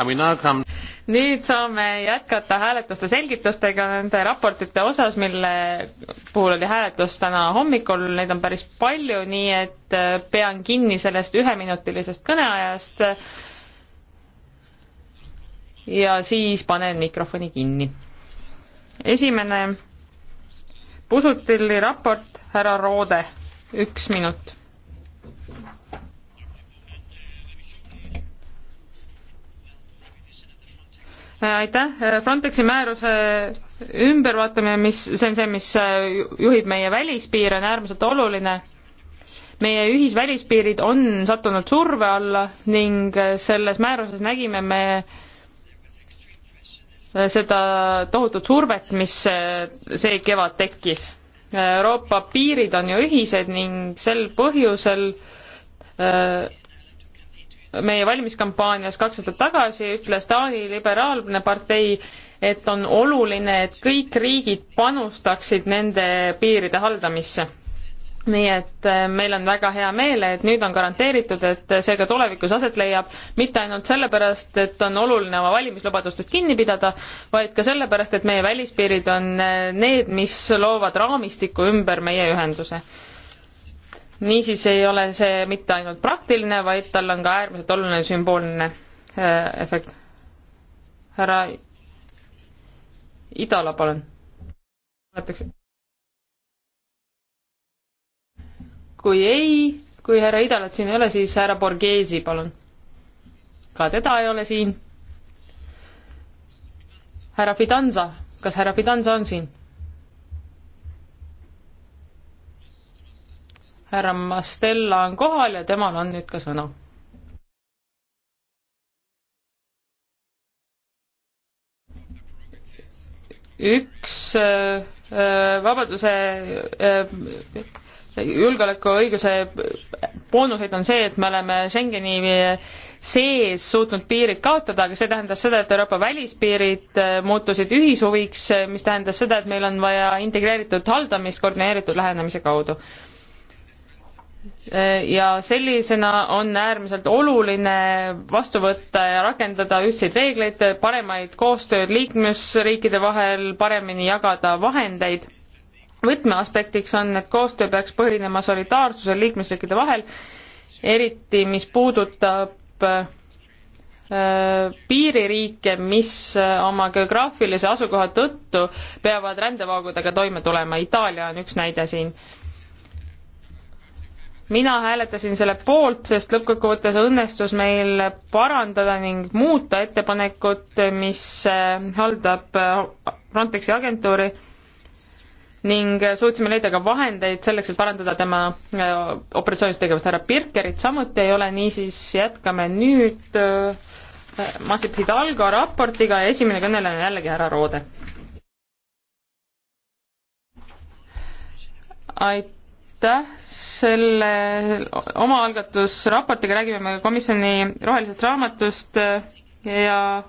Come... nüüd saame jätkata hääletuste selgitustega nende raportite osas, mille puhul oli hääletus täna hommikul, neid on päris palju, nii et äh, pean kinni sellest üheminutilisest kõneajast. ja siis panen mikrofoni kinni. esimene Pusutili raport, härra Roode, üks minut aitäh, Frontexi määruse ümbervaatamine, mis, see on see, mis juhib meie välispiire, on äärmiselt oluline. meie ühisvälispiirid on sattunud surve alla ning selles määruses nägime me seda tohutut survet, mis see kevad tekkis. Euroopa piirid on ju ühised ning sel põhjusel äh, meie valimiskampaanias kaks aastat tagasi ütles Taani liberaalne partei, et on oluline, et kõik riigid panustaksid nende piiride haldamisse. nii et äh, meil on väga hea meel, et nüüd on garanteeritud, et see ka tulevikus aset leiab, mitte ainult sellepärast, et on oluline oma valimislubadustest kinni pidada, vaid ka sellepärast, et meie välispiirid on äh, need, mis loovad raamistiku ümber meie ühenduse niisiis ei ole see mitte ainult praktiline, vaid tal on ka äärmiselt oluline sümboolne äh, efekt. härra Idala, palun. kui ei, kui härra Idalat siin ei ole, siis härra Borghesi, palun. ka teda ei ole siin. härra Fidanza, kas härra Fidanza on siin? härra Mastella on kohal ja temal on nüüd ka sõna. üks äh, vabaduse äh, julgeolekuõiguse boonuseid on see, et me oleme Schengeni sees suutnud piirid kaotada, aga see tähendas seda, et Euroopa välispiirid äh, muutusid ühishuviks, mis tähendas seda, et meil on vaja integreeritud haldamist koordineeritud lähenemise kaudu ja sellisena on äärmiselt oluline vastu võtta ja rakendada ühtseid reegleid, paremaid koostööd liikmesriikide vahel, paremini jagada vahendeid. võtmeaspektiks on, et koostöö peaks põhinema solidaarsusel liikmesriikide vahel, eriti mis puudutab äh, piiririike, mis äh, oma geograafilise asukoha tõttu peavad rändevoogudega toime tulema. Itaalia on üks näide siin mina hääletasin selle poolt, sest lõppkokkuvõttes õnnestus meil parandada ning muuta ettepanekut, mis äh, haldab äh, Frontexi agentuuri ning äh, suutsime leida ka vahendeid selleks, et parandada tema operatsioonilist tegevust. härra Birkerit samuti ei ole, niisiis jätkame nüüd Masip Hidalgo raportiga ja esimene kõneleja on jällegi härra Roode. aitäh aitäh selle omaalgatusraportiga räägime me komisjoni rohelisest raamatust ja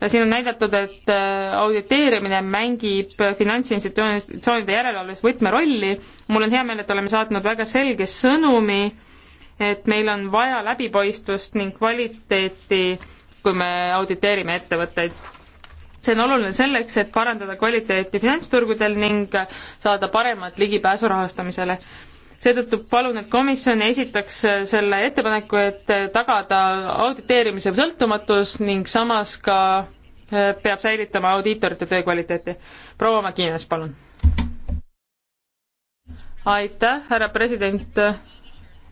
ja siin on näidatud, et auditeerimine mängib finantsinstitutsioonide järelevalves võtmerolli. mul on hea meel, et oleme saatnud väga selge sõnumi, et meil on vaja läbipaistvust ning kvaliteeti, kui me auditeerime ettevõtteid see on oluline selleks, et parandada kvaliteeti finantsturgudel ning saada paremat ligipääsu rahastamisele. seetõttu palun, et komisjon esitaks selle ettepaneku, et tagada auditeerimise sõltumatus ning samas ka eh, peab säilitama audiitorite töö kvaliteeti. proua Maginas, palun. aitäh, härra president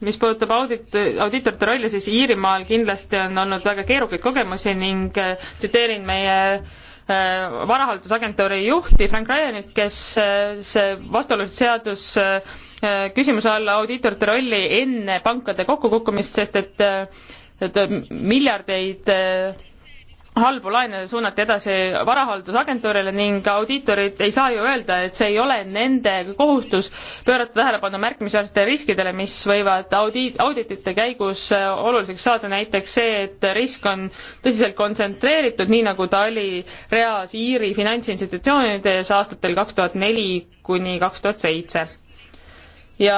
mis puudutab audit, audiitorite rolli, siis Iirimaal kindlasti on olnud väga keerukaid kogemusi ning eh, tsiteerin meie Äh, varahaldusagentuuri juhti Frank Ryanit, kes äh, see vastuoluliselt seadus äh, küsimuse alla audiitorite rolli enne pankade kokkukukkumist, sest et, et miljardeid halbu laene suunati edasi varahaldusagentuurile ning audiitorid ei saa ju öelda, et see ei ole nende kohustus pöörata tähelepanu märkimisväärsetele riskidele, mis võivad audiit, auditite käigus äh, oluliseks saada, näiteks see, et risk on tõsiselt kontsentreeritud, nii nagu ta oli reas Iiri finantsinstitutsioonides aastatel kaks tuhat neli kuni kaks tuhat seitse. ja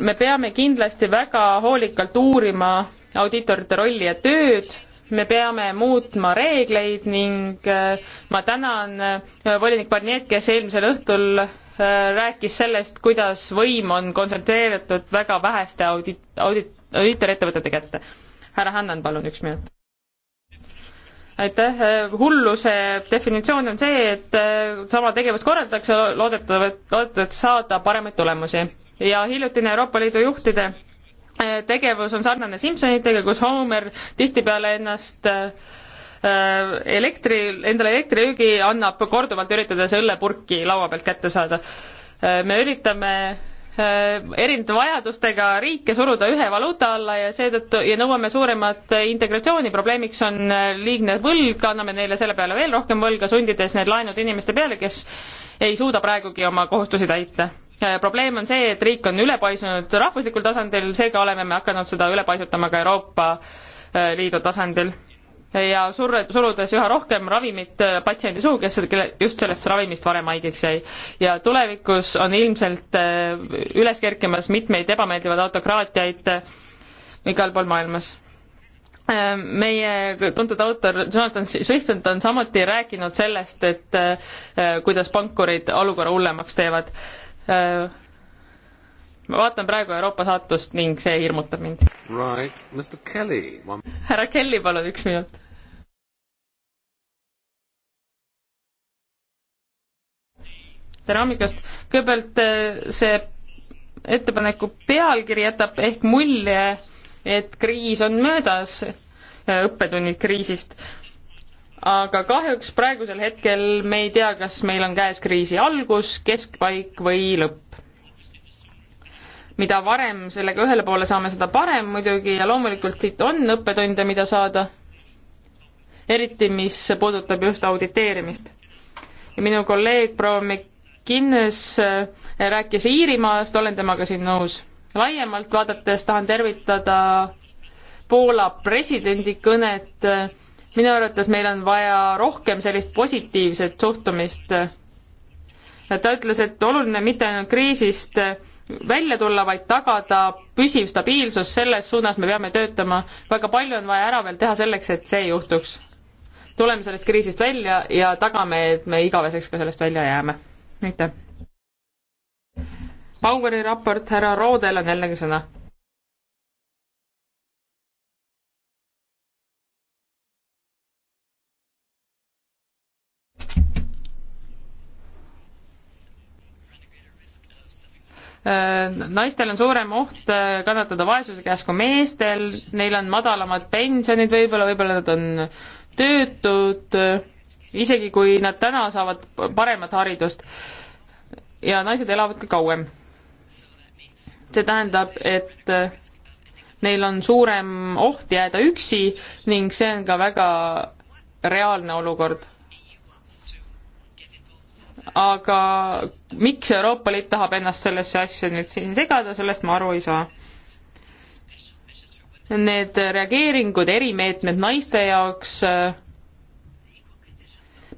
me peame kindlasti väga hoolikalt uurima audiitorite rolli ja tööd, me peame muutma reegleid ning äh, ma tänan äh, volinik Barniet, kes eelmisel õhtul äh, rääkis sellest, kuidas võim on kontsentreeritud väga väheste audit, audit, audiitorettevõtete kätte. härra Hannan, palun üks minut. aitäh, hulluse definitsioon on see, et sama tegevust korraldatakse, loodetavalt, loodetavalt saada paremaid tulemusi. ja hiljutine Euroopa Liidu juhtide tegevus on sarnane Simsonitega, kus Homer tihtipeale ennast äh, elektri, endale elektriöögi annab korduvalt, üritades õllepurki laua pealt kätte saada. Äh, me üritame äh, erinevate vajadustega riike suruda ühe valuuta alla ja seetõttu ja nõuame suuremat integratsiooni, probleemiks on liigne võlg, anname neile selle peale veel rohkem võlga, sundides need laenud inimeste peale, kes ei suuda praegugi oma kohustusi täita. Äh, probleem on see, et riik on ülepaisunud rahvuslikul tasandil, seega oleme me hakanud seda üle paisutama ka Euroopa äh, Liidu tasandil. ja surre, surudes üha rohkem ravimit äh, patsiendi suhu, kes just sellest ravimist varem haigiks jäi. ja tulevikus on ilmselt üles kerkimas mitmeid ebameeldivaid autokraatiaid igal pool maailmas meie tuntud autor Jonathan Swift on samuti rääkinud sellest, et kuidas pankurid olukorra hullemaks teevad Äh, ma vaatan praegu Euroopa saatust ning see hirmutab mind. Right, Mr Kelly one.... härra Kelly, palun üks minut. tere hommikust, kõigepealt äh, see ettepaneku pealkiri jätab ehk mulje, et kriis on möödas, äh, õppetunnid kriisist aga kahjuks praegusel hetkel me ei tea, kas meil on käes kriisi algus, keskpaik või lõpp. mida varem sellega ühele poole saame, seda parem muidugi ja loomulikult siit on õppetunde, mida saada, eriti mis puudutab just auditeerimist. ja minu kolleeg proua McInnes äh, rääkis Iirimaast, olen temaga siin nõus. laiemalt vaadates tahan tervitada Poola presidendi kõnet äh, minu arvates meil on vaja rohkem sellist positiivset suhtumist. ta ütles, et oluline mitte ainult kriisist välja tulla, vaid tagada püsiv stabiilsus, selles suunas me peame töötama. väga palju on vaja ära veel teha selleks, et see ei juhtuks. tuleme sellest kriisist välja ja tagame, et me igaveseks ka sellest välja jääme. aitäh. Baueri raport, härra Roodel on jällegi sõna Äh, naistel on suurem oht äh, kannatada vaesuse käes kui meestel, neil on madalamad pensionid võib-olla, võib-olla nad on töötud, äh, isegi kui nad täna saavad paremat haridust. ja naised elavad ka kauem. see tähendab, et neil on suurem oht jääda üksi ning see on ka väga reaalne olukord aga miks Euroopa Liit tahab ennast sellesse asja nüüd siin segada, sellest ma aru ei saa. Need reageeringud, erimeetmed naiste jaoks, äh,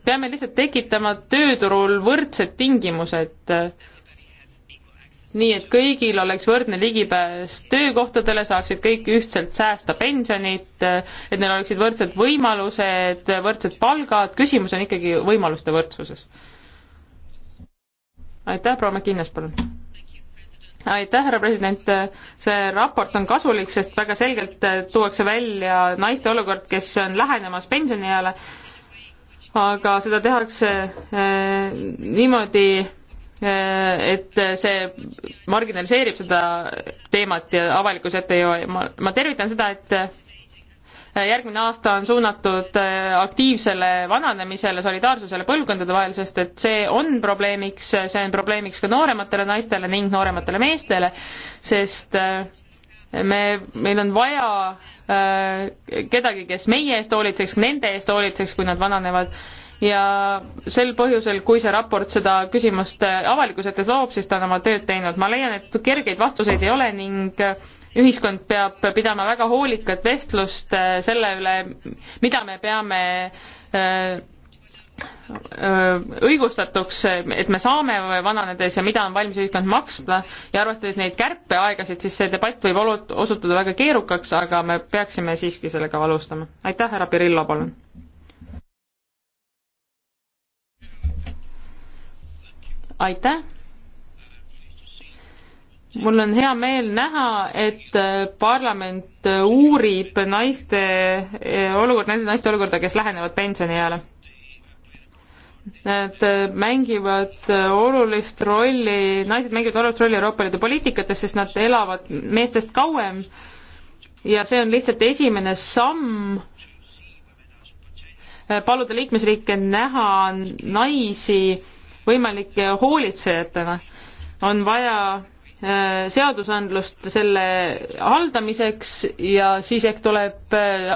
peame lihtsalt tekitama tööturul võrdsed tingimused, äh, nii et kõigil oleks võrdne ligipääs töökohtadele, saaksid kõik ühtselt säästa pensionit, äh, et neil oleksid võrdsed võimalused, võrdsed palgad, küsimus on ikkagi võimaluste võrdsuses aitäh, proua McInnes, palun. aitäh, härra president, see raport on kasulik, sest väga selgelt äh, tuuakse välja naiste olukord, kes on lähenemas pensionieale, aga seda tehakse eh, niimoodi äh, et see marginaliseerib seda teemat ja avalikkuse ette ei jõua ja ma, ma tervitan seda, et järgmine aasta on suunatud äh, aktiivsele vananemisele, solidaarsusele põlvkondade vahel, sest et see on probleemiks, see on probleemiks ka noorematele naistele ning noorematele meestele, sest äh, me, meil on vaja äh, kedagi, kes meie eest hoolitseks, nende eest hoolitseks, kui nad vananevad ja sel põhjusel, kui see raport seda küsimust avalikkuse ettes loob, siis ta on oma tööd teinud. ma leian, et kergeid vastuseid ei ole ning ühiskond peab pidama väga hoolikat vestlust äh, selle üle, mida me peame äh, äh, õigustatuks, et me saame vananedes ja mida on valmis ühiskond maksma ja arvates neid kärpeaegasid, siis see debatt võib olu-, osutuda väga keerukaks, aga me peaksime siiski sellega valustama. aitäh, härra Pirillo, palun! aitäh! mul on hea meel näha, et äh, parlament äh, uurib naiste äh, olukord, nende naiste olukorda, kes lähenevad pensionieale. Nad mängivad olulist rolli, naised mängivad olulist rolli Euroopa Liidu poliitikates, sest nad elavad meestest kauem ja see on lihtsalt esimene samm paluda liikmesriike näha naisi võimalike hoolitsejatena. on vaja Äh, seadusandlust selle haldamiseks ja siis ehk tuleb äh,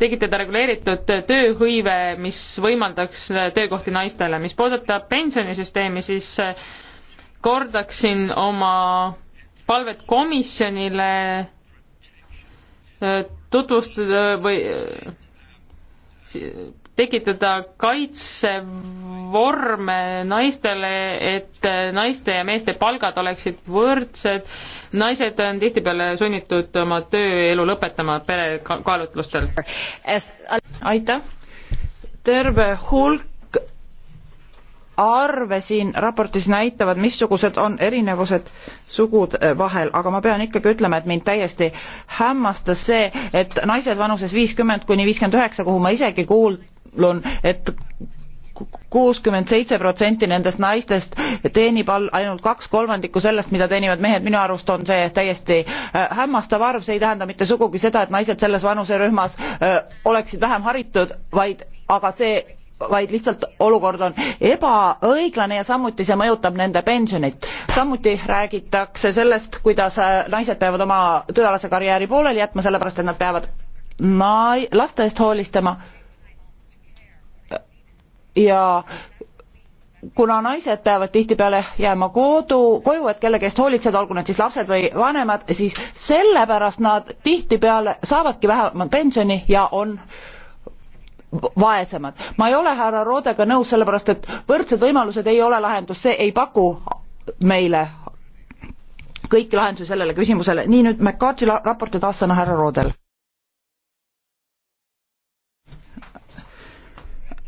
tekitada reguleeritud tööhõive, mis võimaldaks töökohti naistele. mis puudutab pensionisüsteemi, siis äh, kordaksin oma palvet komisjonile tutvustada või tekitada kaitsevorme naistele, et naiste ja meeste palgad oleksid võrdsed. naised on tihtipeale sunnitud oma tööelu lõpetama pere kaalutlustel. aitäh. terve hulk arve siin raportis näitavad, missugused on erinevused sugude vahel, aga ma pean ikkagi ütlema, et mind täiesti hämmastas see, et naised vanuses viiskümmend kuni viiskümmend üheksa, kuhu ma isegi kuul-, on, et kuuskümmend seitse protsenti nendest naistest teenib all ainult kaks kolmandikku sellest, mida teenivad mehed, minu arust on see täiesti äh, hämmastav arv, see ei tähenda mitte sugugi seda, et naised selles vanuserühmas äh, oleksid vähem haritud, vaid aga see vaid lihtsalt olukord on ebaõiglane ja samuti see mõjutab nende pensionit. samuti räägitakse sellest, kuidas äh, naised peavad oma tööalase karjääri pooleli jätma, sellepärast et nad peavad nai-, laste eest hoolistama ja kuna naised peavad tihtipeale jääma kodu, koju, et kelle eest hoolitseda, olgu need siis lapsed või vanemad, siis sellepärast nad tihtipeale saavadki vähema pensioni ja on vaesemad. ma ei ole härra Roodega nõus, sellepärast et võrdsed võimalused ei ole lahendus, see ei paku meile kõiki lahendusi sellele küsimusele. nii nüüd McCarthy raporti taas sõna härra Roodel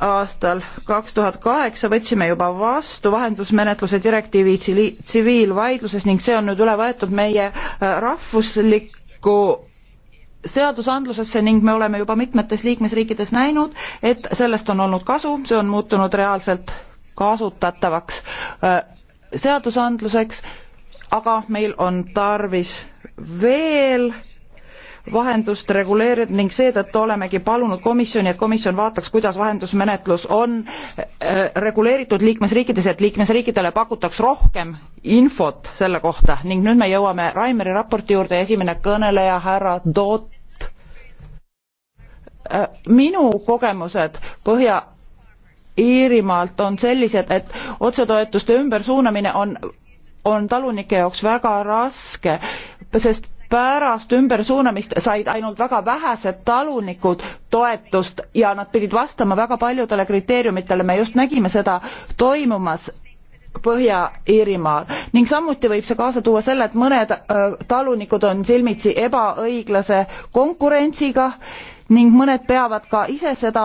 aastal kaks tuhat kaheksa võtsime juba vastu vahendusmenetluse direktiivi tsiviilvaidluses ning see on nüüd üle võetud meie äh, rahvuslikku seadusandlusesse ning me oleme juba mitmetes liikmesriikides näinud, et sellest on olnud kasu, see on muutunud reaalselt kasutatavaks äh, seadusandluseks, aga meil on tarvis veel vahendust reguleerida ning seetõttu olemegi palunud komisjoni, et komisjon vaataks, kuidas vahendusmenetlus on äh, reguleeritud liikmesriikides, et liikmesriikidele pakutaks rohkem infot selle kohta ning nüüd me jõuame Raimeri raporti juurde ja esimene kõneleja, härra Toot. Äh, minu kogemused Põhja Iirimaalt on sellised, et otsetoetuste ümbersuunamine on, on talunike jaoks väga raske, sest pärast ümbersuunamist said ainult väga vähesed talunikud toetust ja nad pidid vastama väga paljudele kriteeriumitele, me just nägime seda toimumas Põhja-Iirimaal ning samuti võib see kaasa tuua selle, et mõned talunikud on silmitsi ebaõiglase konkurentsiga ning mõned peavad ka ise seda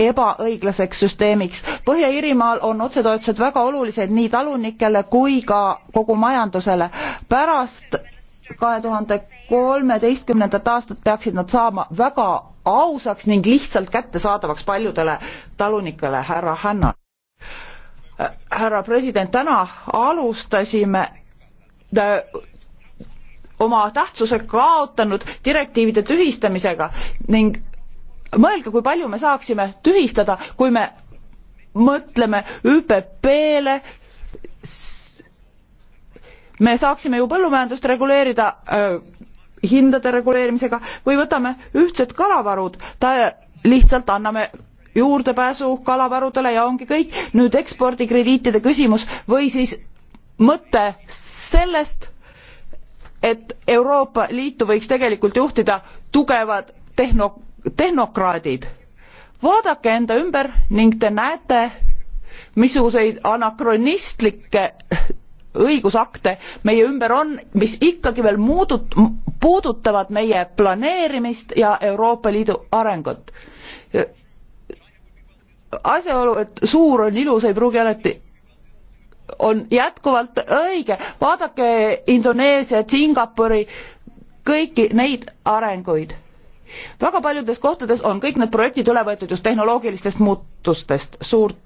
ebaõiglaseks süsteemiks. Põhja-Iirimaal on otsetoetused väga olulised nii talunikele kui ka kogu majandusele. pärast kahe tuhande kolmeteistkümnendat aastat peaksid nad saama väga ausaks ning lihtsalt kättesaadavaks paljudele talunikele, härra Hanna. härra president, täna alustasime äh, oma tähtsuse kaotanud direktiivide tühistamisega ning mõelge, kui palju me saaksime tühistada, kui me mõtleme ÜPP-le, me saaksime ju põllumajandust reguleerida äh, hindade reguleerimisega või võtame ühtsed kalavarud, ta lihtsalt anname juurdepääsu kalavarudele ja ongi kõik. nüüd ekspordikrediitide küsimus või siis mõte sellest, et Euroopa Liitu võiks tegelikult juhtida tugevad tehno-, tehnokraadid. vaadake enda ümber ning te näete, missuguseid anakronistlikke õigusakte meie ümber on, mis ikkagi veel muudut-, puudutavad meie planeerimist ja Euroopa Liidu arengut. asjaolu, et suur on ilus, ei pruugi alati on jätkuvalt õige, vaadake Indoneesiat, Singapuri, kõiki neid arenguid väga paljudes kohtades on kõik need projektid üle võetud just tehnoloogilistest muutustest suurt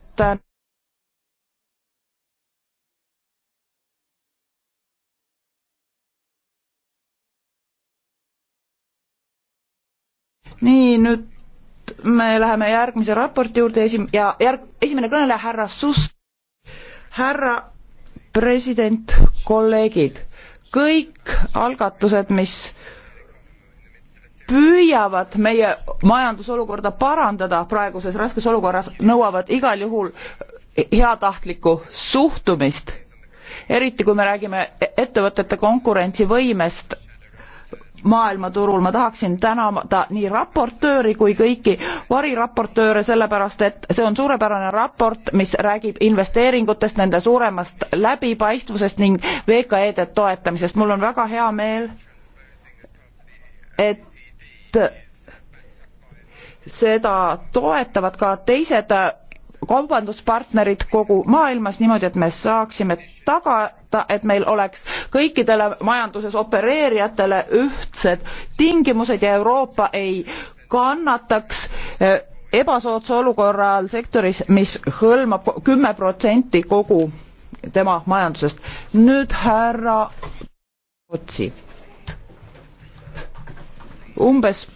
me läheme järgmise raporti juurde esim- ja järg- esimene kõneleja härra Suss härra president kolleegid kõik algatused mis püüavad meie majandusolukorda parandada praeguses raskes olukorras nõuavad igal juhul heatahtlikku suhtumist eriti kui me räägime ettevõtete konkurentsivõimest maailmaturul. ma tahaksin tänada nii raportööri kui kõiki variraportööre, sellepärast et see on suurepärane raport, mis räägib investeeringutest, nende suuremast läbipaistvusest ning VKE-de toetamisest. mul on väga hea meel, et seda toetavad ka teised kaubanduspartnerid kogu maailmas niimoodi, et me saaksime taga tagada, et meil oleks kõikidele majanduses opereerijatele ühtsed tingimused ja Euroopa ei kannataks eh, ebasoodsa olukorra all sektoris, mis hõlmab kümme protsenti kogu tema majandusest. nüüd härra Otsi. umbes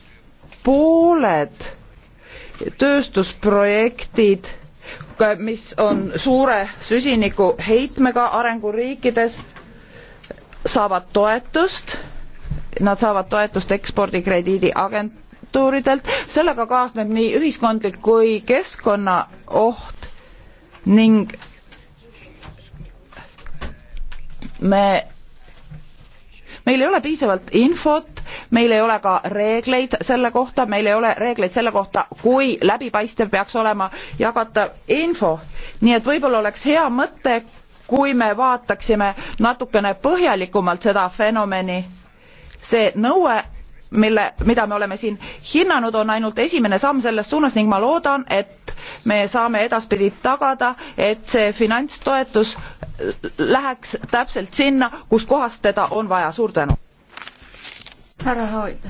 pooled tööstusprojektid mis on suure süsinikuheitmega arenguriikides, saavad toetust, nad saavad toetust ekspordikrediidi agentuuridelt, sellega kaasneb nii ühiskondlik kui keskkonnaoht ning me meil ei ole piisavalt infot meil ei ole ka reegleid selle kohta meil ei ole reegleid selle kohta kui läbipaistev peaks olema jagatav info nii et võib-olla oleks hea mõte kui me vaataksime natukene põhjalikumalt seda fenomeni see nõue mille, mida me oleme siin hinnanud, on ainult esimene samm selles suunas ning ma loodan, et me saame edaspidi tagada, et see finantstoetus läheks täpselt sinna, kuskohast teda on vaja. suur tänu. härra Hoid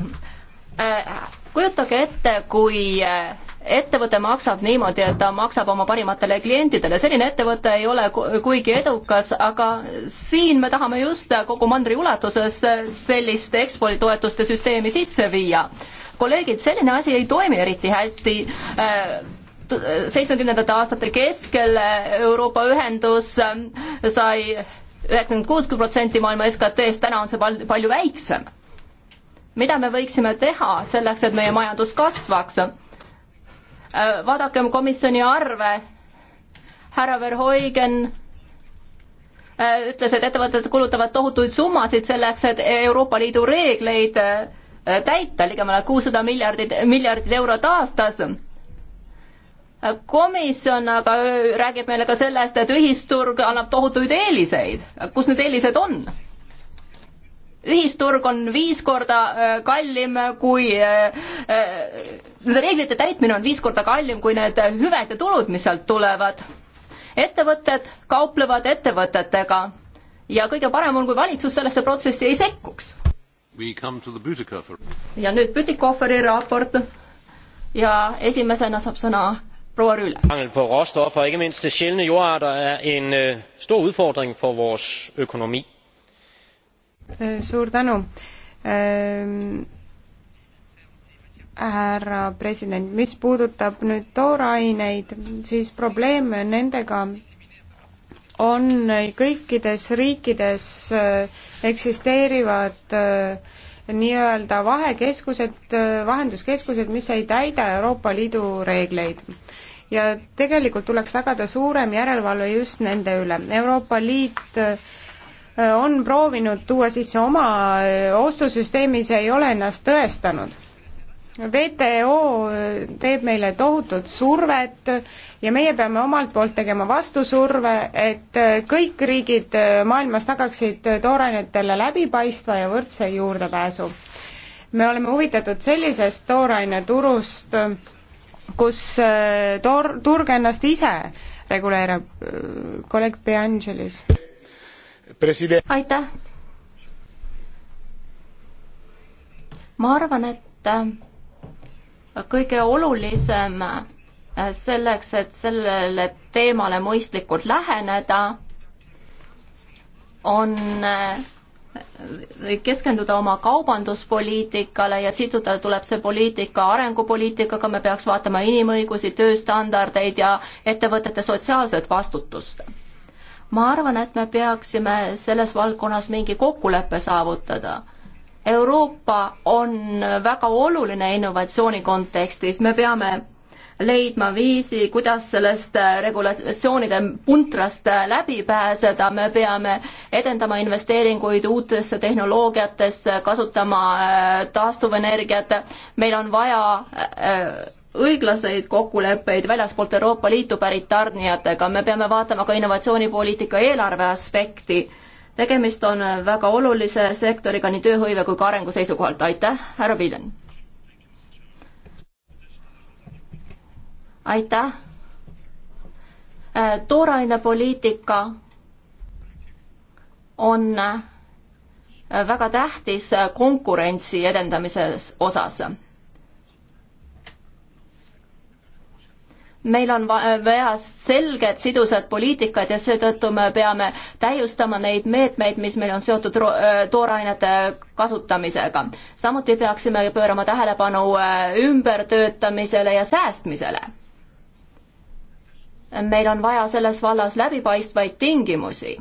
äh,, kujutage ette, kui eh, ettevõte maksab niimoodi, et ta maksab oma parimatele klientidele, selline ettevõte ei ole kuigi edukas, aga siin me tahame just kogu mandri ulatuses sellist eksporditoetuste süsteemi sisse viia. kolleegid, selline asi ei toimi eriti hästi eh, seitsmekümnendate aastate keskel Euroopa Ühendus sai üheksakümmend kuus protsenti maailma SKT-st, täna on see palju väiksem mida me võiksime teha selleks, et meie majandus kasvaks? Äh, vaadakem komisjoni arve, härra Verhoigen äh, ütles, et ettevõtted kulutavad tohutuid summasid selleks, et Euroopa Liidu reegleid äh, täita, ligemale kuussada miljardit, miljardit eurot aastas. komisjon aga räägib meile ka sellest, et ühisturg annab tohutuid eeliseid. kus need eelised on? ühisturg on viis korda äh, kallim kui, äh, äh, nende reeglite täitmine on viis korda kallim kui need hüved ja tulud, mis sealt tulevad. ettevõtted kauplevad ettevõtetega ja kõige parem on, kui valitsus sellesse protsessi ei sekkuks. ja nüüd Bütikoferi raport ja esimesena saab sõna proua Rüüle. mangel på råstoffer, ikke minst til sjældne jordarter, er en øh, stor udfordring for vores økonomi Äh, suur tänu ähm,. härra president, mis puudutab nüüd tooraineid, siis probleem nendega on kõikides riikides äh, eksisteerivad äh, nii-öelda vahekeskused, vahenduskeskused, mis ei täida Euroopa Liidu reegleid ja tegelikult tuleks tagada suurem järelevalve just nende üle. Euroopa Liit Äh, on proovinud tuua sisse oma äh, ostusüsteemi, see ei ole ennast tõestanud. WTO äh, teeb meile tohutut survet ja meie peame omalt poolt tegema vastusurve, et kõik riigid maailmas tagaksid toorainetele läbipaistva ja võrdse juurdepääsu. me oleme huvitatud sellisest tooraineturust, kus toor-, turg ennast ise reguleerib, kolleeg De Angelis president. aitäh. ma arvan, et äh, kõige olulisem äh, selleks, et sellele teemale mõistlikult läheneda, on äh, keskenduda oma kaubanduspoliitikale ja siduda tuleb see poliitika arengupoliitikaga, me peaks vaatama inimõigusi, tööstandardeid ja ettevõtete sotsiaalset vastutust ma arvan, et me peaksime selles valdkonnas mingi kokkuleppe saavutada. Euroopa on väga oluline innovatsiooni kontekstis, me peame leidma viisi, kuidas sellest regulatsioonide puntrast läbi pääseda, me peame edendama investeeringuid uutesse tehnoloogiatesse, kasutama äh, taastuvenergiat, meil on vaja äh, õiglaseid kokkuleppeid väljaspoolt Euroopa Liitu pärit tarnijatega, me peame vaatama ka innovatsioonipoliitika eelarve aspekti. tegemist on väga olulise sektoriga nii tööhõive kui ka arengu seisukohalt, aitäh, härra Viljan. aitäh. Äh, tooraine poliitika on äh, väga tähtis konkurentsi edendamise osas meil on vaja selged sidusad poliitikad ja seetõttu me peame täiustama neid meetmeid, mis meil on seotud äh, toorainete kasutamisega. samuti peaksime pöörama tähelepanu äh, ümbertöötamisele ja säästmisele. meil on vaja selles vallas läbipaistvaid tingimusi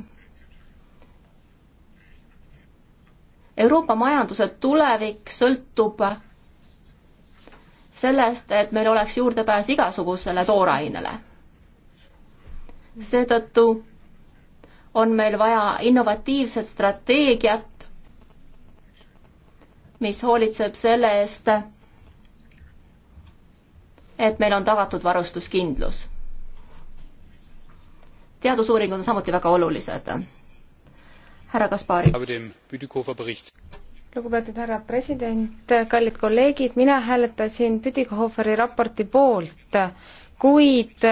Euroopa majanduse tulevik sõltub sellest, et meil oleks juurdepääs igasugusele toorainele. seetõttu on meil vaja innovatiivset strateegiat, mis hoolitseb selle eest, et meil on tagatud varustuskindlus. teadusuuringud on samuti väga olulised. härra Kaspari lugupeetud härra president, kallid kolleegid, mina hääletasin Püdikohoferi raporti poolt, kuid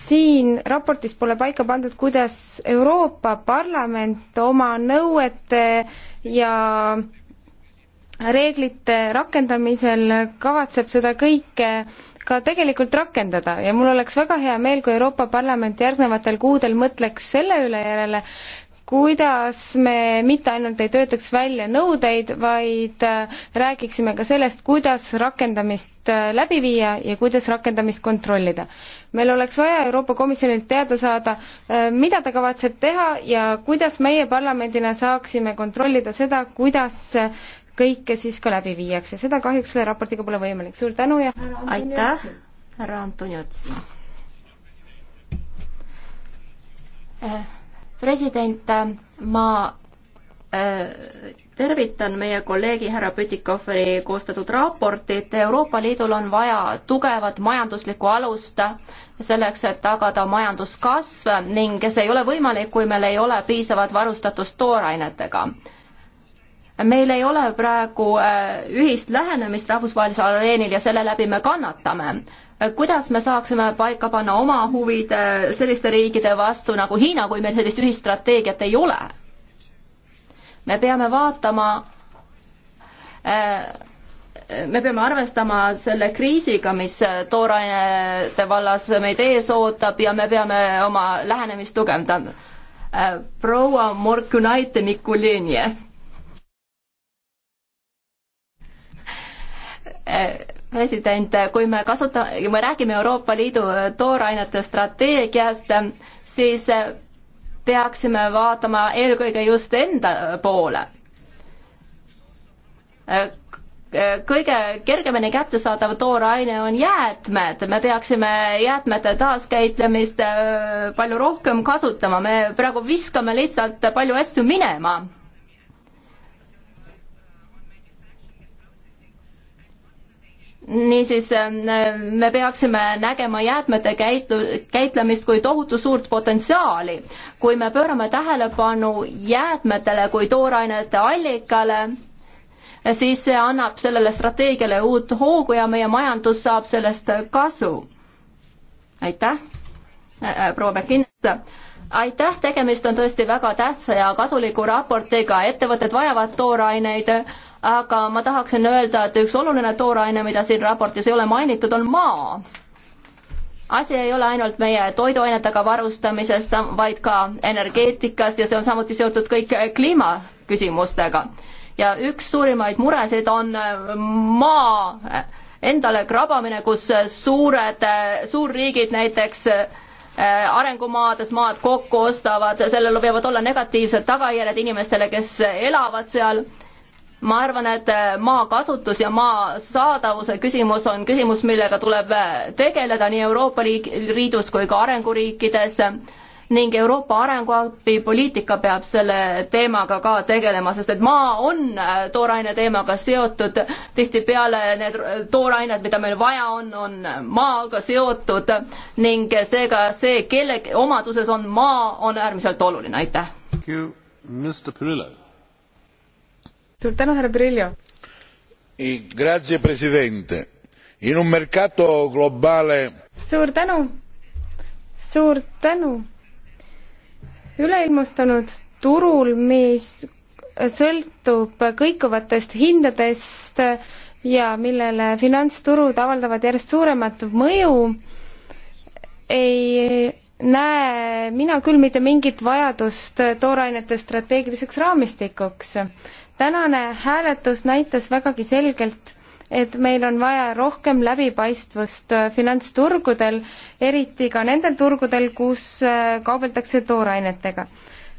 siin raportis pole paika pandud, kuidas Euroopa Parlament oma nõuete ja reeglite rakendamisel kavatseb seda kõike ka tegelikult rakendada ja mul oleks väga hea meel, kui Euroopa Parlament järgnevatel kuudel mõtleks selle üle järele, kuidas me mitte ainult ei töötaks välja nõudeid, vaid äh, räägiksime ka sellest, kuidas rakendamist äh, läbi viia ja kuidas rakendamist kontrollida. meil oleks vaja Euroopa Komisjonilt teada saada, äh, mida ta kavatseb teha ja kuidas meie parlamendina saaksime kontrollida seda, kuidas kõike siis ka läbi viiakse, seda kahjuks selle raportiga pole võimalik. suur tänu ja aitäh, härra Antoniotsi eh president, äh, ma äh, tervitan meie kolleegi härra Pütikoferi koostatud raportit, Euroopa Liidul on vaja tugevat majanduslikku alust selleks, et tagada majanduskasv ning see ei ole võimalik, kui meil ei ole piisavat varustatust toorainetega meil ei ole praegu äh, ühist lähenemist rahvusvahelisel areenil ja selle läbi me kannatame. Äh, kuidas me saaksime paika panna oma huvid äh, selliste riikide vastu nagu Hiina, kui meil sellist ühist strateegiat ei ole? me peame vaatama me peame arvestama selle kriisiga, mis toorainete vallas meid ees ootab ja me peame oma lähenemist tugevdama. proua Morkunaite Mikulinjev president, kui me kasutame, kui me räägime Euroopa Liidu toorainete strateegiast, siis peaksime vaatama eelkõige just enda poole. kõige kergemini kättesaadav tooraine on jäätmed, me peaksime jäätmete taaskäitlemist äh, palju rohkem kasutama, me praegu viskame lihtsalt palju asju minema niisiis ähm, me peaksime nägema jäätmete käitlu-, käitlemist kui tohutu suurt potentsiaali. kui me pöörame tähelepanu jäätmetele kui toorainete allikale, siis see annab sellele strateegiale uut hoogu ja meie majandus saab sellest kasu. aitäh, äh, äh, proua McKinnis aitäh, tegemist on tõesti väga tähtsa ja kasuliku raportiga, ettevõtted vajavad tooraineid, aga ma tahaksin öelda, et üks oluline tooraine, mida siin raportis ei ole mainitud, on maa. asi ei ole ainult meie toiduainetega varustamises, vaid ka energeetikas ja see on samuti seotud kõik kliimaküsimustega. ja üks suurimaid muresid on maa endale krabamine, kus suured, suurriigid näiteks Äh, arengumaades maad kokku ostavad, sellel võivad olla negatiivsed tagajärjed inimestele, kes elavad seal ma arvan, et äh, maa kasutus ja maa saadavuse küsimus on küsimus, millega tuleb äh, tegeleda nii Euroopa Liidus kui ka arenguriikides ning Euroopa arenguabipoliitika peab selle teemaga ka tegelema, sest et maa on äh, tooraine teemaga seotud, tihtipeale need toorained, mida meil vaja on, on maaga seotud ning seega see, kelle omaduses on maa, on äärmiselt oluline, aitäh. suur tänu, härra Pirillo. E grazie Presidente. In un mercato globale suur tänu, suur tänu üleilmustunud turul, mis sõltub kõikuvatest hindadest ja millele finantsturud avaldavad järjest suuremat mõju, ei näe mina küll mitte mingit vajadust toorainete strateegiliseks raamistikuks. tänane hääletus näitas vägagi selgelt, et meil on vaja rohkem läbipaistvust äh, finantsturgudel, eriti ka nendel turgudel, kus äh, kaubeldakse toorainetega.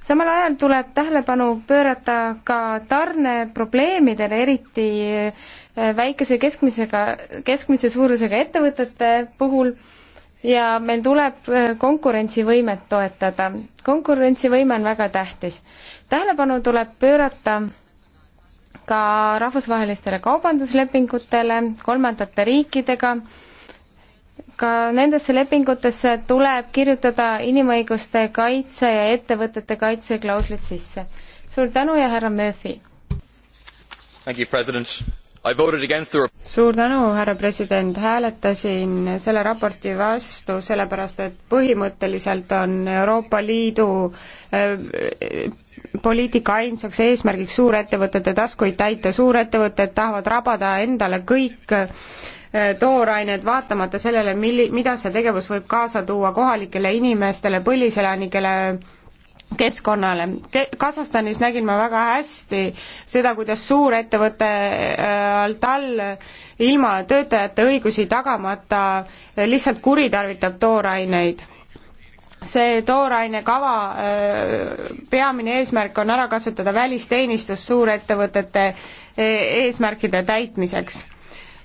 samal ajal tuleb tähelepanu pöörata ka tarneprobleemidele, eriti äh, väikese keskmisega, keskmise suurusega ettevõtete puhul ja meil tuleb konkurentsivõimet toetada. konkurentsivõime on väga tähtis. tähelepanu tuleb pöörata ka rahvusvahelistele kaubanduslepingutele kolmandate riikidega. ka nendesse lepingutesse tuleb kirjutada inimõiguste kaitse ja ettevõtete kaitse klauslid sisse. suur tänu ja härra Murphy! The... suur tänu härra president hääletasin selle raporti vastu sellepärast et põhimõtteliselt on euroopa liidu äh, poliitika ainsaks eesmärgiks suurettevõtete taskuid täita, suurettevõtted tahavad rabada endale kõik äh, toorained, vaatamata sellele, milli-, mida see tegevus võib kaasa tuua kohalikele inimestele, põliselanikele, keskkonnale Ke. Kasahstanis nägin ma väga hästi seda, kuidas suurettevõte äh, alt all ilma töötajate õigusi tagamata lihtsalt kuritarvitab tooraineid see tooraine kava äh, peamine eesmärk on ära kasutada välisteenistus suurettevõtete äh, eesmärkide täitmiseks.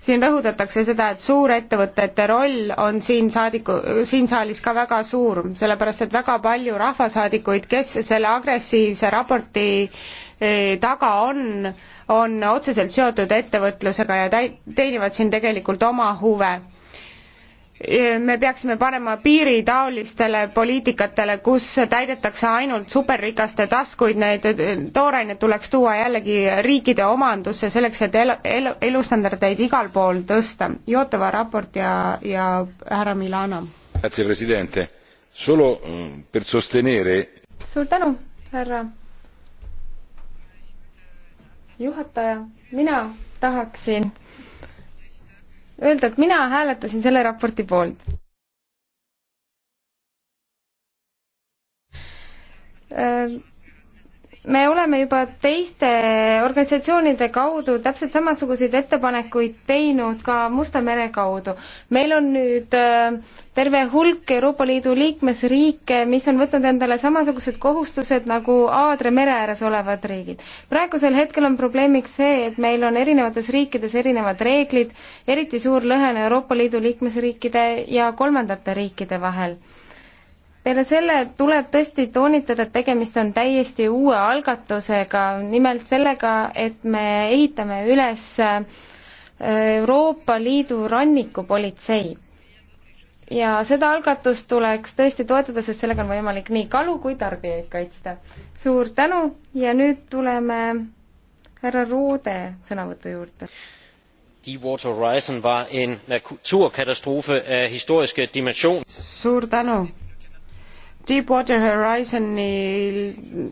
siin rõhutatakse seda, et suurettevõtete roll on siin saadiku, siin saalis ka väga suur, sellepärast et väga palju rahvasaadikuid, kes selle agressiivse raporti äh, taga on, on otseselt seotud ettevõtlusega ja täi-, teenivad siin tegelikult oma huve me peaksime panema piiri taolistele poliitikatele, kus täidetakse ainult superrikaste taskuid, need e, toorained tuleks tuua jällegi riikide omandusse, selleks et elu, elu, elustandardeid igal pool tõsta. Jotova raport ja, ja härra Milano. Mm, suur tänu, härra juhataja, mina tahaksin öelda, et mina hääletasin selle raporti poolt. Uh... Äh me oleme juba teiste organisatsioonide kaudu täpselt samasuguseid ettepanekuid teinud ka Musta mere kaudu. meil on nüüd äh, terve hulk Euroopa Liidu liikmesriike, mis on võtnud endale samasugused kohustused nagu Aadre mere ääres olevad riigid. praegusel hetkel on probleemiks see, et meil on erinevates riikides erinevad reeglid, eriti suur lõhe on Euroopa Liidu liikmesriikide ja kolmandate riikide vahel peale selle tuleb tõesti toonitada, et tegemist on täiesti uue algatusega, nimelt sellega, et me ehitame üles äh, Euroopa Liidu rannikupolitsei. ja seda algatust tuleks tõesti toetada, sest sellega on võimalik nii kalu kui tarbijaid kaitsta. suur tänu ja nüüd tuleme härra Roode sõnavõtu juurde. Deepwater Horizon var en naturkatastrofe af historiske dimension. Suur tänu Deepwater Horizonil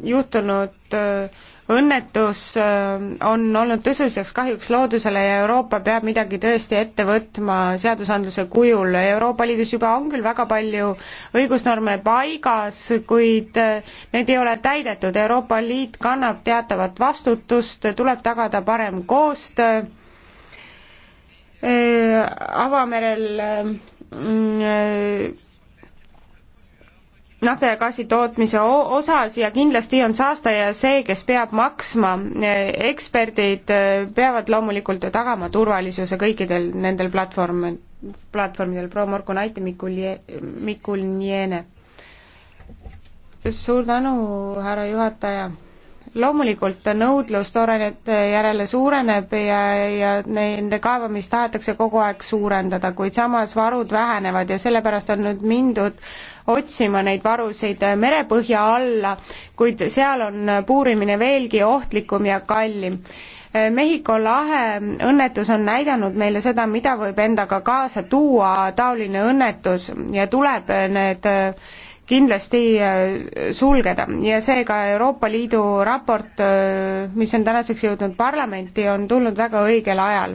juhtunud äh, õnnetus äh, on olnud tõsiseks kahjuks loodusele ja Euroopa peab midagi tõesti ette võtma seadusandluse kujul. Euroopa Liidus juba on küll väga palju õigusnorme paigas, kuid äh, need ei ole täidetud. Euroopa Liit kannab teatavat vastutust, tuleb tagada parem koostöö avamerel mm, nafta ja gaasi tootmise osas ja kindlasti on saastaja see, kes peab maksma. eksperdid äh, peavad loomulikult tagama turvalisuse kõikidel nendel platvormil, platvormidel. proua Morko Naite, Mikul-, Mikulnjene. suur tänu, härra juhataja loomulikult nõudlus toorainete järele suureneb ja, ja nende kaevamist tahetakse kogu aeg suurendada, kuid samas varud vähenevad ja sellepärast on nüüd mindud otsima neid varusid merepõhja alla, kuid seal on puurimine veelgi ohtlikum ja kallim. Mehhiko lahe õnnetus on näidanud meile seda, mida võib endaga kaasa tuua taoline õnnetus ja tuleb need kindlasti äh, sulgeda ja seega Euroopa Liidu raport, äh, mis on tänaseks jõudnud parlamenti, on tulnud väga õigel ajal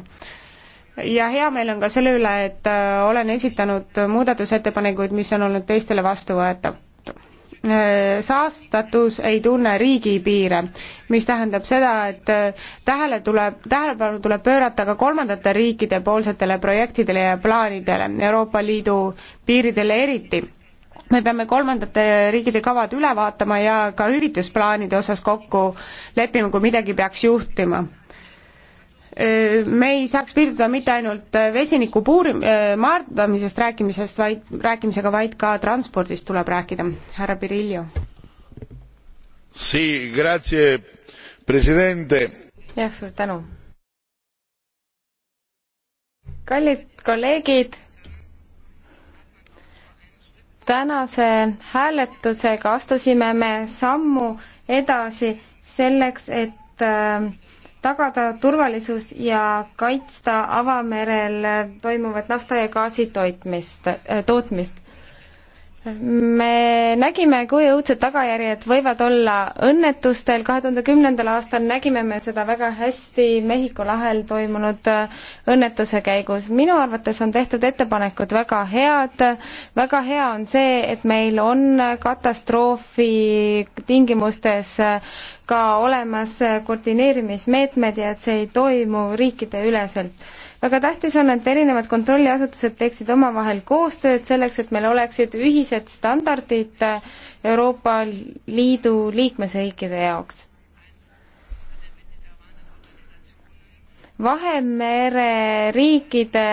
ja hea meel on ka selle üle, et äh, olen esitanud muudatusettepanekuid, mis on olnud teistele vastuvõetav. Saastatus ei tunne riigipiire, mis tähendab seda, et tähele tuleb, tähelepanu tuleb pöörata ka kolmandate riikide poolsetele projektidele ja plaanidele, Euroopa Liidu piiridele eriti me peame kolmandate riikide kavad üle vaatama ja ka üritusplaanide osas kokku leppima, kui midagi peaks juhtuma. me ei saaks piirduda mitte ainult vesiniku puuri-, maardamisest rääkimisest, vaid, rääkimisega, vaid ka transpordist tuleb rääkida. härra Pirillo. jah, suur tänu. kallid kolleegid tänase hääletusega astusime me sammu edasi selleks, et äh, tagada turvalisus ja kaitsta avamerel toimuvat nafta ja gaasi toitmist, äh, tootmist me nägime, kui õudsed tagajärjed võivad olla õnnetustel, kahe tuhande kümnendal aastal nägime me seda väga hästi Mehhiko lahel toimunud äh, õnnetuse käigus. minu arvates on tehtud ettepanekud väga head, väga hea on see, et meil on katastroofi tingimustes äh, ka olemas äh, koordineerimismeetmed ja et see ei toimu riikideüleselt väga tähtis on, et erinevad kontrolliasutused teeksid omavahel koostööd selleks, et meil oleksid ühised standardid Euroopa Liidu liikmesriikide jaoks. Vahemere riikide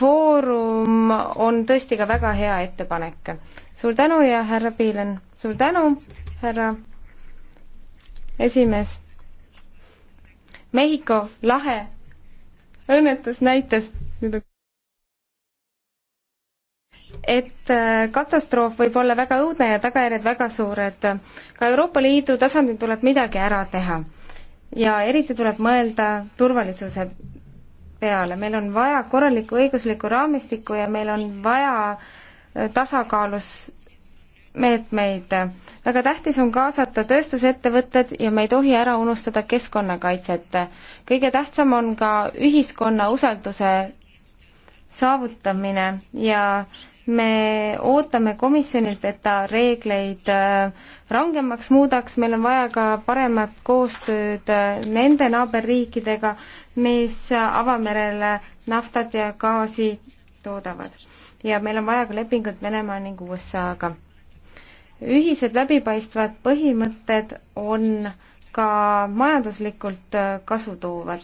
foorum on tõesti ka väga hea ettepanek. suur tänu ja härra Piilen, suur tänu, härra esimees. Mehhiko lahe õnnetus näitas, et äh, katastroof võib olla väga õudne ja tagajärjed väga suured. ka Euroopa Liidu tasandil tuleb midagi ära teha. ja eriti tuleb mõelda turvalisuse peale, meil on vaja korralikku õiguslikku raamistikku ja meil on vaja äh, tasakaalus meetmeid. väga tähtis on kaasata tööstusettevõtted ja me ei tohi ära unustada keskkonnakaitset. kõige tähtsam on ka ühiskonna usalduse saavutamine ja me ootame komisjonilt, et ta reegleid äh, rangemaks muudaks, meil on vaja ka paremat koostööd äh, nende naaberriikidega, mis äh, avamerele naftat ja gaasi toodavad. ja meil on vaja ka lepingut Venemaa ning USA-ga ühised läbipaistvad põhimõtted on ka majanduslikult äh, kasu toovad.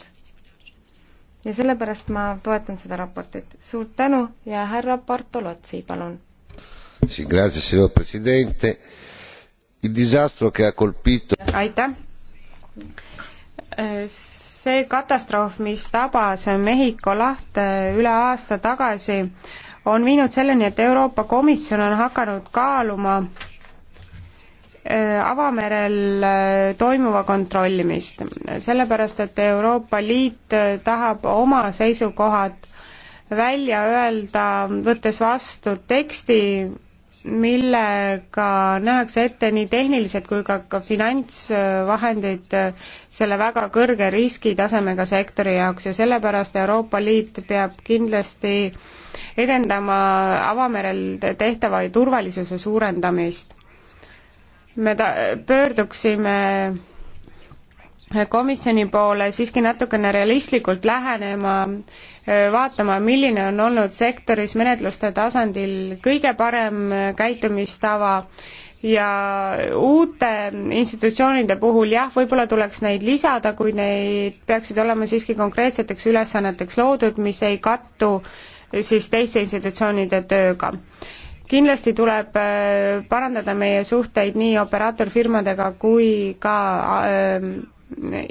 ja sellepärast ma toetan seda raportit. suur tänu ja härra Bartolozzi, palun. aitäh. Äh, see katastroof, mis tabas Mehhiko lahte äh, üle aasta tagasi, on viinud selleni, et Euroopa Komisjon on hakanud kaaluma avamerel äh, toimuva kontrollimist, sellepärast et Euroopa Liit äh, tahab oma seisukohad välja öelda, võttes vastu teksti, millega nähakse ette nii tehnilised kui ka, ka finantsvahendid äh, selle väga kõrge riskitasemega sektori jaoks ja sellepärast Euroopa Liit peab kindlasti edendama avamerel tehtava turvalisuse suurendamist me ta-, pöörduksime komisjoni poole siiski natukene realistlikult lähenema, vaatama, milline on olnud sektoris menetluste tasandil kõige parem käitumistava ja uute institutsioonide puhul jah, võib-olla tuleks neid lisada, kuid neid peaksid olema siiski konkreetseteks ülesanneteks loodud, mis ei kattu siis teiste institutsioonide tööga kindlasti tuleb äh, parandada meie suhteid nii operaatorfirmadega kui ka äh,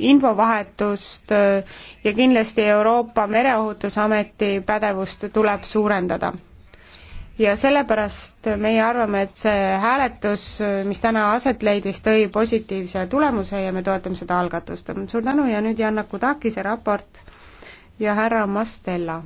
infovahetust äh, ja kindlasti Euroopa Mereohutusameti pädevust tuleb suurendada. ja sellepärast meie arvame, et see hääletus, mis täna aset leidis, tõi positiivse tulemuse ja me toetame seda algatust. suur tänu ja nüüd Janna Kudakise raport ja härra Mastella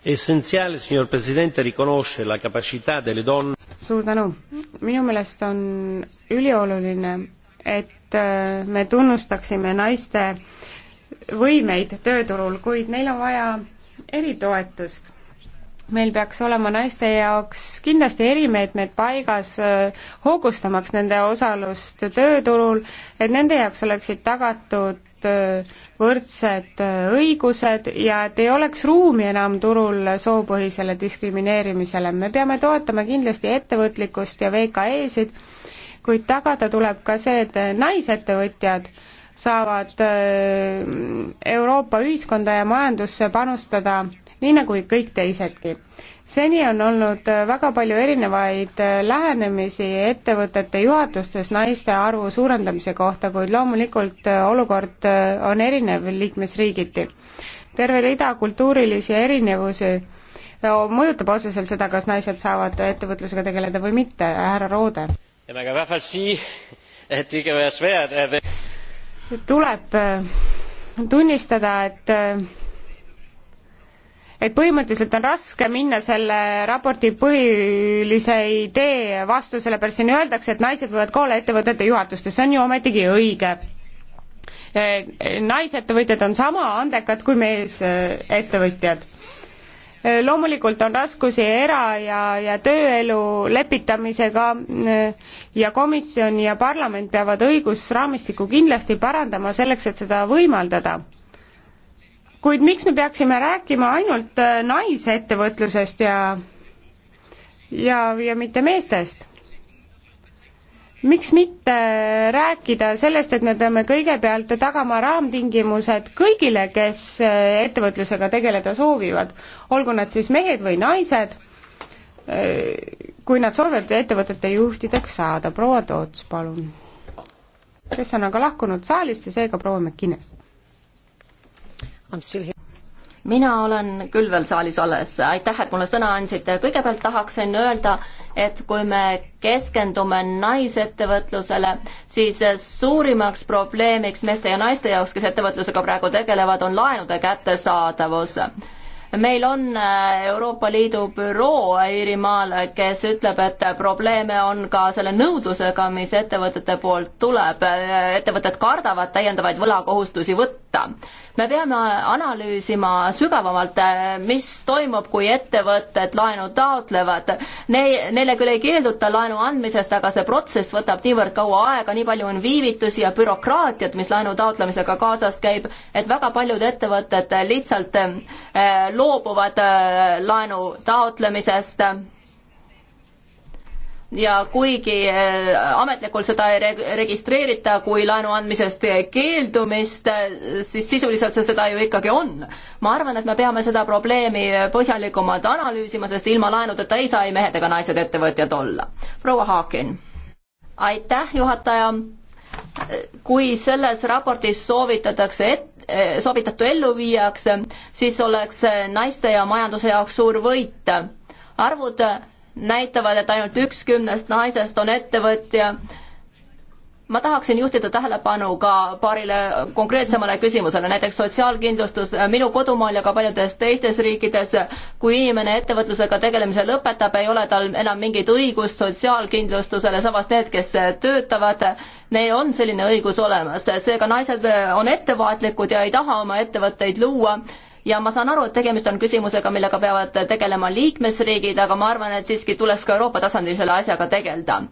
È essenziale, signor Presidente, riconoscere la capacità delle donne suur tänu. minu meelest on ülioluline, et äh, me tunnustaksime naiste võimeid tööturul, kuid neil on vaja eritoetust. meil peaks olema naiste jaoks kindlasti erimeetmed paigas, äh, hoogustamaks nende osalust tööturul, et nende jaoks oleksid tagatud tagatud äh, võrdsed äh, õigused ja et ei oleks ruumi enam turul soopõhisele diskrimineerimisele. me peame toetama kindlasti ettevõtlikkust ja VKE-sid, kuid tagada tuleb ka see, et naisettevõtjad saavad äh, Euroopa ühiskonda ja majandusse panustada nii nagu kõik teisedki seni on olnud äh, väga palju erinevaid äh, lähenemisi ettevõtete juhatustes naiste arvu suurendamise kohta, kuid loomulikult äh, olukord on erinev liikmesriigiti. terve rida kultuurilisi erinevusi mõjutab otseselt seda, kas naised saavad ettevõtlusega tegeleda või mitte, härra Roode. tuleb tunnistada, et et põhimõtteliselt on raske minna selle raporti põhilise idee vastu, sellepärast siin öeldakse, et naised võivad ka olla ettevõtete juhatustes, see on ju ometigi õige. E, e, naisettevõtjad on sama andekad kui meesettevõtjad e, loomulikult on raskusi era- ja, ja tööelu lepitamisega ja komisjon ja parlament peavad õigusraamistikku kindlasti parandama selleks, et seda võimaldada kuid miks me peaksime rääkima ainult äh, naisettevõtlusest ja ja, ja mitte meestest? miks mitte rääkida sellest, et me peame kõigepealt tagama raamtingimused kõigile, kes äh, ettevõtlusega tegeleda soovivad, olgu nad siis mehed või naised, äh, kui nad soovivad ettevõtete juhtideks saada, proua Toots, palun. kes on aga lahkunud saalist ja seega proua McInnes mina olen küll veel saalis alles, aitäh, et mulle sõna andsite. kõigepealt tahaksin öelda, et kui me keskendume naisettevõtlusele, siis suurimaks probleemiks meeste ja naiste jaoks, kes ettevõtlusega praegu tegelevad, on laenude kättesaadavus meil on äh, Euroopa Liidu büroo Iirimaal, kes ütleb, et probleeme on ka selle nõudlusega, mis ettevõtete poolt tuleb. Äh, ettevõtted kardavad täiendavaid võlakohustusi võtta võtta. me peame analüüsima sügavamalt, äh, mis toimub, kui ettevõtted laenu taotlevad ne,. Neile küll ei keelduta laenu andmisest, aga see protsess võtab niivõrd kaua aega, nii palju on viivitusi ja bürokraatiat, mis laenu taotlemisega kaasas käib, et väga paljud ettevõtted lihtsalt äh, loobuvad äh, laenu taotlemisest ja kuigi äh, ametlikult seda ei registreerita kui laenu andmisest keeldumist, siis sisuliselt see seda ju ikkagi on. ma arvan, et me peame seda probleemi põhjalikumalt analüüsima, sest ilma laenudeta ei saa ei mehed ega naised ettevõtjad olla. proua Haakin. aitäh, juhataja. kui selles raportis soovitatakse et-, eh, soovitatu ellu viiakse, siis oleks naiste ja majanduse jaoks suur võit. arvud näitavad, et ainult üks kümnest naisest on ettevõtja. ma tahaksin juhtida tähelepanu ka paarile konkreetsemale küsimusele, näiteks sotsiaalkindlustus minu kodumaal ja ka paljudes teistes riikides, kui inimene ettevõtlusega tegelemise lõpetab, ei ole tal enam mingit õigust sotsiaalkindlustusele, samas need, kes töötavad, neil on selline õigus olemas, seega naised on ettevaatlikud ja ei taha oma ettevõtteid luua ja ma saan aru, et tegemist on küsimusega, millega peavad tegelema liikmesriigid, aga ma arvan, et siiski tuleks ka Euroopa tasandil selle asjaga tegeleda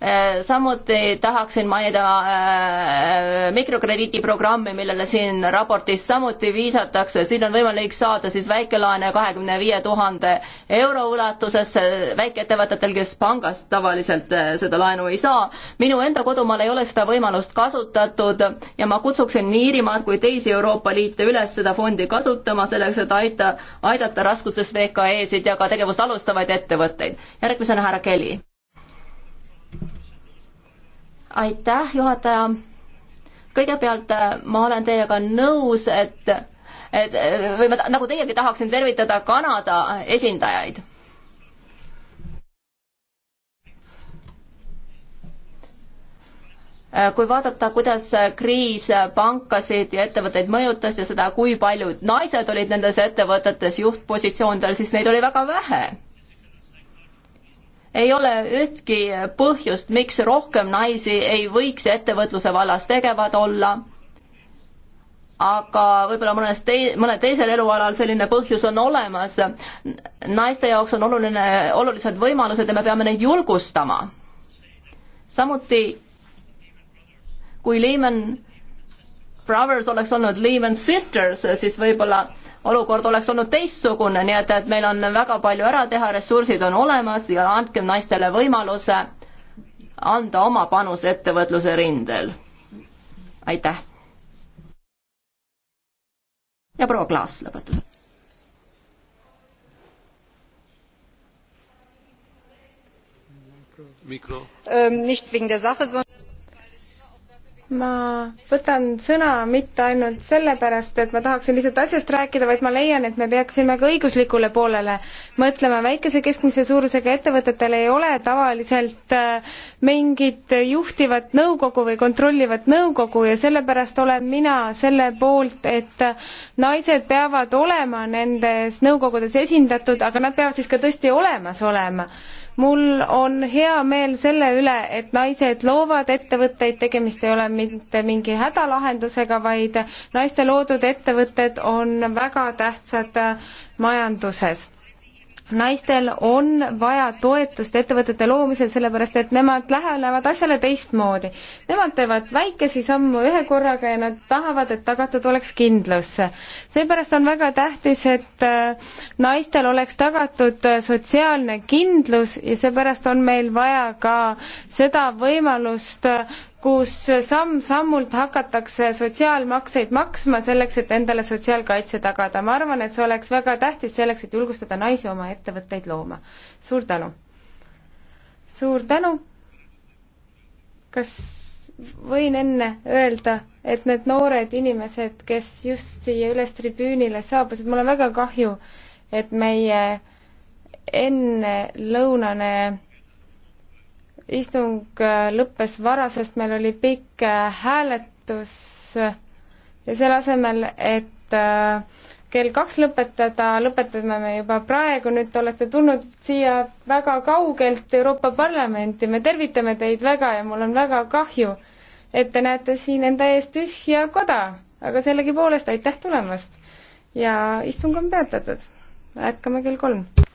Äh, samuti tahaksin mainida äh, mikrokrediidiprogrammi, millele siin raportis samuti viisatakse, siin on võimalik saada siis väikelaene kahekümne viie tuhande euro ulatuses äh, väikeettevõtetel, kes pangast tavaliselt seda laenu ei saa. minu enda kodumaal ei ole seda võimalust kasutatud ja ma kutsuksin nii Iirimaad kui teisi Euroopa Liite üles seda fondi kasutama selleks, et aita, aidata raskustes VKE-sid ja ka tegevust alustavaid ettevõtteid. järgmisena härra Kelly aitäh, juhataja. kõigepealt äh, ma olen teiega nõus, et, et äh, või ma nagu teiegi tahaksin tervitada Kanada esindajaid. Äh, kui vaadata, kuidas kriis pankasid ja ettevõtteid mõjutas ja seda, kui paljud naised olid nendes ettevõtetes juhtpositsioonidel, siis neid oli väga vähe ei ole ühtki põhjust, miks rohkem naisi ei võiks ettevõtluse vallas tegevad olla. aga võib-olla mõnes tei-, mõnel teisel elualal selline põhjus on olemas. naiste jaoks on oluline, olulised võimalused ja me peame neid julgustama. samuti kui Lehman Brothers oleks olnud Lehman Sisters, siis võib-olla olukord oleks olnud teistsugune, nii et, et meil on väga palju ära teha, ressursid on olemas ja andkem naistele võimaluse anda oma panus ettevõtluse rindel. aitäh. ja proua Klaas lõpetuseks. mikro ähm, ma võtan sõna mitte ainult sellepärast, et ma tahaksin lihtsalt asjast rääkida, vaid ma leian, et me peaksime ka õiguslikule poolele mõtlema. väikese keskmise suurusega ettevõtetel ei ole tavaliselt äh, mingit juhtivat nõukogu või kontrollivat nõukogu ja sellepärast olen mina selle poolt, et naised peavad olema nendes nõukogudes esindatud, aga nad peavad siis ka tõesti olemas olema mul on hea meel selle üle, et naised loovad ettevõtteid, tegemist ei ole mitte mingi hädalahendusega, vaid naiste loodud ettevõtted on väga tähtsad majanduses naistel on vaja toetust ettevõtete loomisel, sellepärast et nemad lähenevad asjale teistmoodi. Nemad teevad väikesi sammu ühe korraga ja nad tahavad, et tagatud oleks kindlus. seepärast on väga tähtis, et äh, naistel oleks tagatud äh, sotsiaalne kindlus ja seepärast on meil vaja ka seda võimalust äh, kus samm-sammult hakatakse sotsiaalmakseid maksma selleks, et endale sotsiaalkaitse tagada. ma arvan, et see oleks väga tähtis selleks, et julgustada naisi oma ettevõtteid looma. suur tänu! suur tänu! kas võin enne öelda, et need noored inimesed, kes just siia üles tribüünile saabusid, mul on väga kahju, et meie ennelõunane istung äh, lõppes vara, sest meil oli pikk äh, hääletus ja selle asemel, et äh, kell kaks lõpetada, lõpetame me juba praegu, nüüd te olete tulnud siia väga kaugelt Euroopa Parlamenti, me tervitame teid väga ja mul on väga kahju, et te näete siin enda ees tühja koda, aga sellegipoolest aitäh tulemast ja istung on peatatud, jätkame kell kolm.